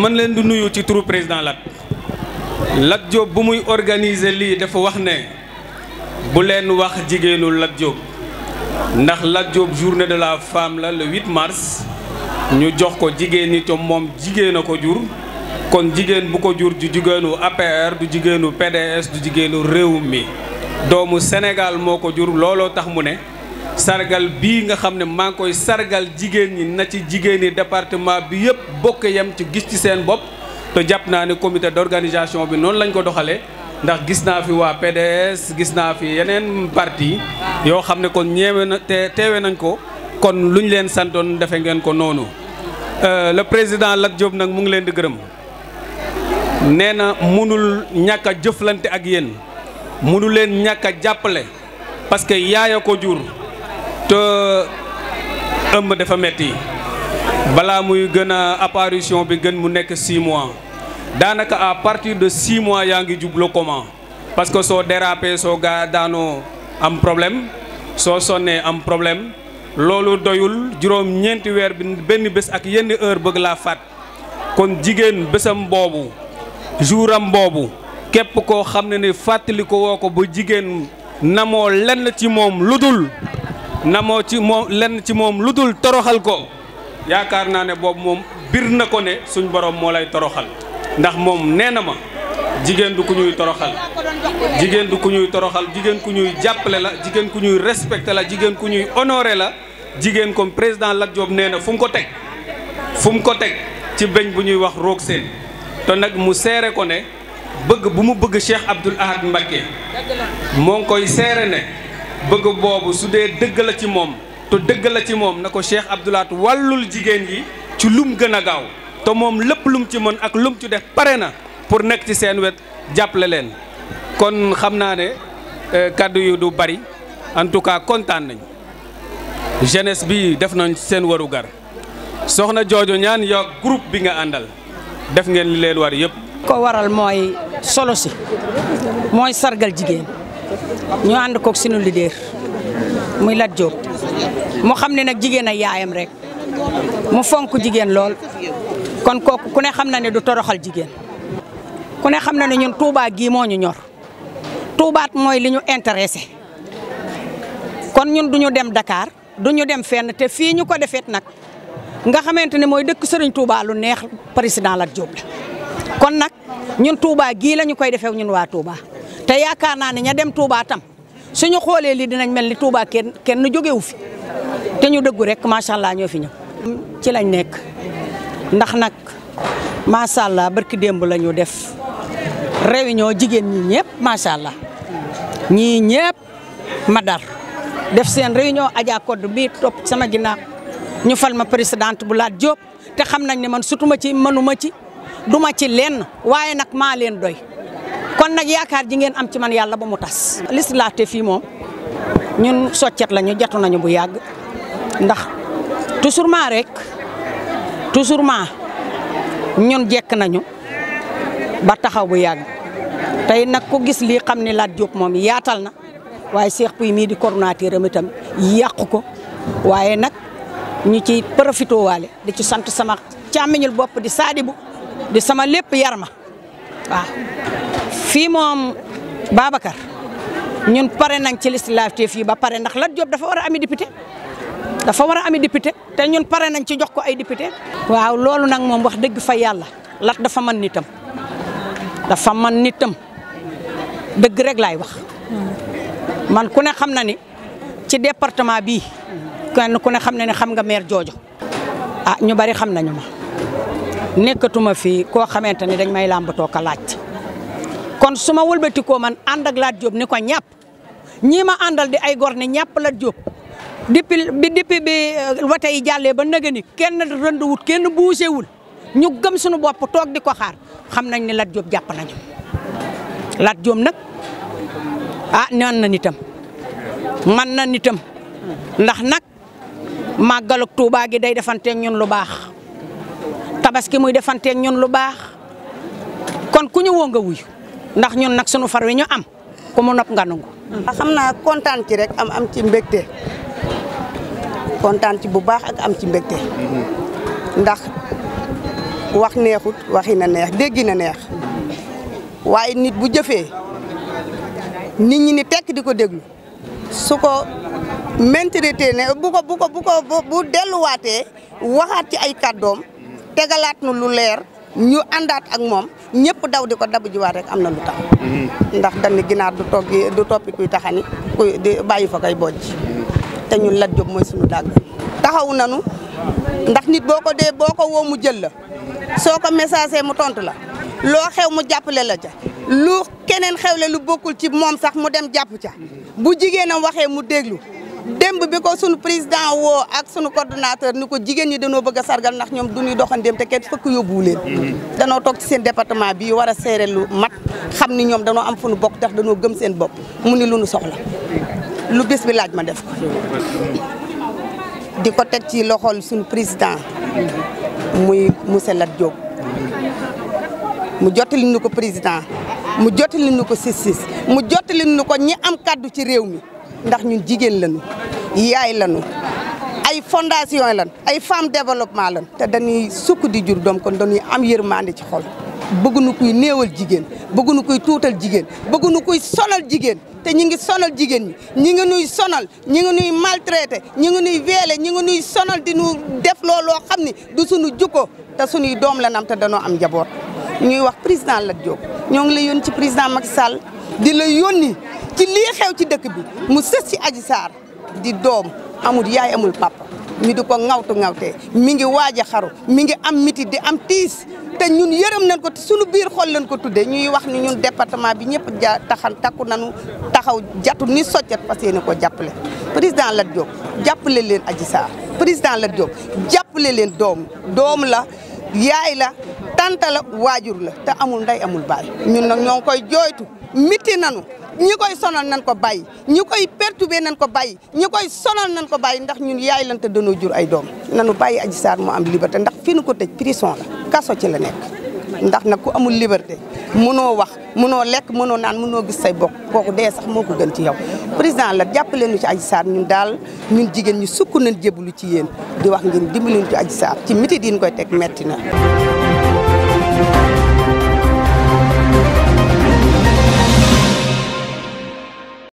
mën leen di nuyu ci turu président Lat Lat Diop bu muy organiser lii dafa wax ne bu leen wax jigéenu Lat Diop ndax Lat Diop journée de la femme la le mars ñu jox ko jigéen ñi te moom jigéen a ko jur kon jigéen bu ko jur ju jigéenu APR du jigéenu PDS du jigéenu réew mi doomu Sénégal moo ko jur looloo tax mu ne sargal bii nga xam ne maa ngi koy sargal jigéen ñi na ci jigéen ñi département bi yëpp bokk yem ci gis ci seen bopp te jàpp naa ne comité d'organisation bi noonu lañ ko doxalee ndax gis naa fi waa PDS gis naa fi yeneen parti yoo xam ne kon ñeewe na te teewe nañ ko kon lu ñu leen santoon defe ngeen ko noonu euh, le président Lat Diop nag mu ngi leen di gërëm nee na mënul ñàkk jëflante ak yéen munu leen ñàkk a jàppale parce que yaaya ko jur te ëmb dafa metti balaa muy gën a apparition bi gën mu nekk 6 mois daanaka à partir de 6 mois yaa ngi jublu comment parce que soo dérapé soo gaa daanoo am problème soo sonnee am problème loolu doyul juróom ñeenti weer bi benn bés ak yenn heure bëgg laa faat kon jigéen bésam boobu jouram boobu képp koo xam ne ne fàttali ko woo ko ba jigéen namoo lenn ci moom lu dul na moo ci moom lenn ci moom lu dul toroxal ko yaakaar naa ne boobu moom biir na ko ne suñ borom moo lay toroxal ndax moom nee na ma jigéen du ku ñuy toroxal jigéen du ku ñuy toroxal jigéen ku ñuy jàppale la jigéen ku ñuy respecté la jigéen ku ñuy honoré la jigéen comme président Lat Diop nee na fu mu ko teg fu mu ko teg ci beñ bu ñuy wax roog seen te nag mu seere ko ne bëgg bu mu bëgg Cheikh Abdoul Ahad Mbacké moo ngi koy seere ne bëgg boobu su dee dëgg la ci moom te dëgg la ci moom na ko Cheikh Abdou Lahad wàllul jigéen yi ci lum gën a gaaw te moom lépp lum ci mën ak lum ci def pare na pour nekk ci seen wet jàppale leen kon xam naa ne euh, kàddu yu du bari en tout cas kontaan nañ jeunesse bi def nañ seen warugar soxna joojoo ñaan yaa groupe bi nga àndal def ngeen li leen war yëpp. ko waral mooy solo si mooy sargal jigéen. ñu ànd kook sunu leader muy Lat jóob mu xam ne nag jigéen ay yaayam rek mu fonk jigéen lool kon kooku ku ne xam na ne du toroxal jigéen ku ne xam na ne ñun Touba gii moo ñu ñor Toubaat mooy li ñu intéressé kon ñun duñu dem Dakar duñu dem fenn te fii ñu ko defeet nag nga xamante ni mooy dëkk Serigne Touba lu neex président Lat jóob la kon nag ñun Touba gii la ñu koy defee ñun waa Touba. te yaakaar naa ne ña dem Touba tam suñu xoolee lii dinañ mel ni Touba kenn kenn jógewu fi te ñu dëggu rek macha allah ñoo fi ñëw. ci lañ nekk ndax nag macha allah barki démb la ñu def réunion jigéen ñi ñëpp macha allah ñii ñëpp ma dar def seen réunion Adja Codé bii topp sama ginnaaw ñu fal ma présidente bu laat Diop te xam nañ ne man sutuma ci mënuma ci duma ci lenn waaye nag maa leen doy. kon nag yaakaar ji ngeen am ci man yàlla ba mu tas. lislaate fii moom ñun soccet la ñu jatu nañu bu yàgg ndax toujours rek toujours ñun jekk nañu ba taxaw bu yàgg tey nag ku gis lii xam ni laat Diop moom yaatal na waaye Cheikh Pouy mii di coordonnateur am itam yàqu ko waaye nag ñu ci profité waale di ci sant sama càmmiñul bopp di saadi bu di sama lépp yar ma waaw fii moom Babacar ñun pare nañ ci liste te fii ba pare ndax Lat Diop dafa war a ami député dafa war a ami député te ñun pare nañ ci jox ko ay député waaw loolu nag moom wax dëgg fa yàlla Lat dafa mën nitam dafa man nitam dëgg rek laay wax man ku ne xam na ni ci département bi kenn ku ne xam na ni xam nga maire joojo ah ñu bari xam nañu ma nekkatuma fii koo xamante ni dañ may làmbatoo ka laaj kon su ma wëlbatikoo man ànd ak Lat Diop ni ko ñàpp ñii ma àndal di ay gor ne ñàpp Lat Diop depuis bi depuis bi euh, wate yi jàllee ba naga ni kenn rënduwut kenn wul ñu gëm suñu bopp toog di ko xaar xam nañ ni Lat Diop jàpp nañu Lat Diop nag ah naan na nitam man na nitam ndax nag màggalug Tuubaa gi day defanteeg ñun lu baax tabaski muy defanteeg ñun lu baax kon ku ñu woo nga ndax ñun nag sunu far wi ñu am ku mu nopp nga nangu. Ah, xam naa kontaan ci rek am am ci mbégte kontaan ci bu baax ak am ci mbégte mm-hmm. ndax wax neexut waxi na neex déggi na neex waaye nit bu jëfee nit ñi ni tekk di ko déglu su ko mentirité ne bu ko bu ko bu delluwaatee waxaat ci ay kàddoom tegalaat nu lu leer. ñu àndaat ak moom ñëpp daw di ko dabu jiwaat rek am na lu tax. Mm-hmm. ndax dañu ginaar du toggi du toppi kuy taxani kuy di bàyyi fa kay bojj. Mm-hmm. te ñun Lat Diop mooy suñu dàgg. taxaw nanu ndax nit boo ko dee boo ko woo mu jël la soo ko messager mu tontu la loo xew mu jàppale la ca lu keneen xew xewle lu bokkul ci moom sax mu dem jàpp ca bu jigéenam waxee mu déglu. démb bi ko sunu président woo ak sunu coordonnateur ni ko jigéen ñi dañoo bëgg a sargal ndax ñoom du ñuy doxandéem te kenn fëkk yóbbuwu leen. Mm-hmm. danoo toog ci seen département bi war a seere lu mat xam ni ñoom danoo am fu nu bokk tax danoo gëm seen bopp mu ni lu nu soxla lu bés bi laaj ma def ko. di ko teg ci loxol sunu président muy monsieur Lat Diop mu jottali ñu ko président mu jottali ñu ko sis sis mu jottali ñu ko ñi am kàddu ci réew mi. ndax ñun jigéen lañu yaay lañu ay fondation lan ay femme développement lan te dañuy sukk di jur doom kon dañuy am yërmande ci xol bëgguñu kuy néewal jigéen bëgguñu kuy tuutal jigéen bëgguñu kuy sonal jigéen te ñi ngi sonal jigéen ñi ñi ngi nuy sonal ñi ngi nuy maltraité ñi ngi nuy weele ñi ngi nuy sonal di nu def looloo xam ni du suñu jukko te suñuy doom la nam te danoo am jaboot ñuy wax président la Diop ñoo ngi lay yónni ci président Macky Sall di la yónni ci lii xew ci dëkk bi mu sës ci Adji Sarr di doom amul yaay amul papa ñu di ko ŋawtu ŋawtee mi ngi waaj a xaru mi ngi am miti di am tiis te ñun yërëm nañ ko suñu biir xol lan ko tuddee ñuy wax ni ñun département bi ñëpp ja taxan takku nañu taxaw jatu ni soccet parce que yéen ko jàppale président Lat Diop jàppale leen Adji Sarr président Lat Diop jàppale leen doom doom la yaay la tante la waajur la te amul nday amul baay ñun nag ñoo ngi koy jooytu miti nanu ñi koy sonal nañ ko bàyyi ñi koy perturber nañ ko bàyyi ñi koy sonal nañ ko bàyyi ndax ñun yaay lanta danoo jur ay doom nanu bàyyi Adji Sarr moo am liberté ndax fiinu ko tëj prison la kaso ci la nekk ndax nag ku amul liberté mënoo wax mënoo lekk mënoo naan mënoo gis say bokk kooku dee sax moo ko gën ci yow président la jàppale nu ci Adji Sarr ñun daal ñun jigéen ñu sukk nañ jébbalu ci yéen di wax ngeen dimbali ci Adji Sarr ci miti diin koy teg metti na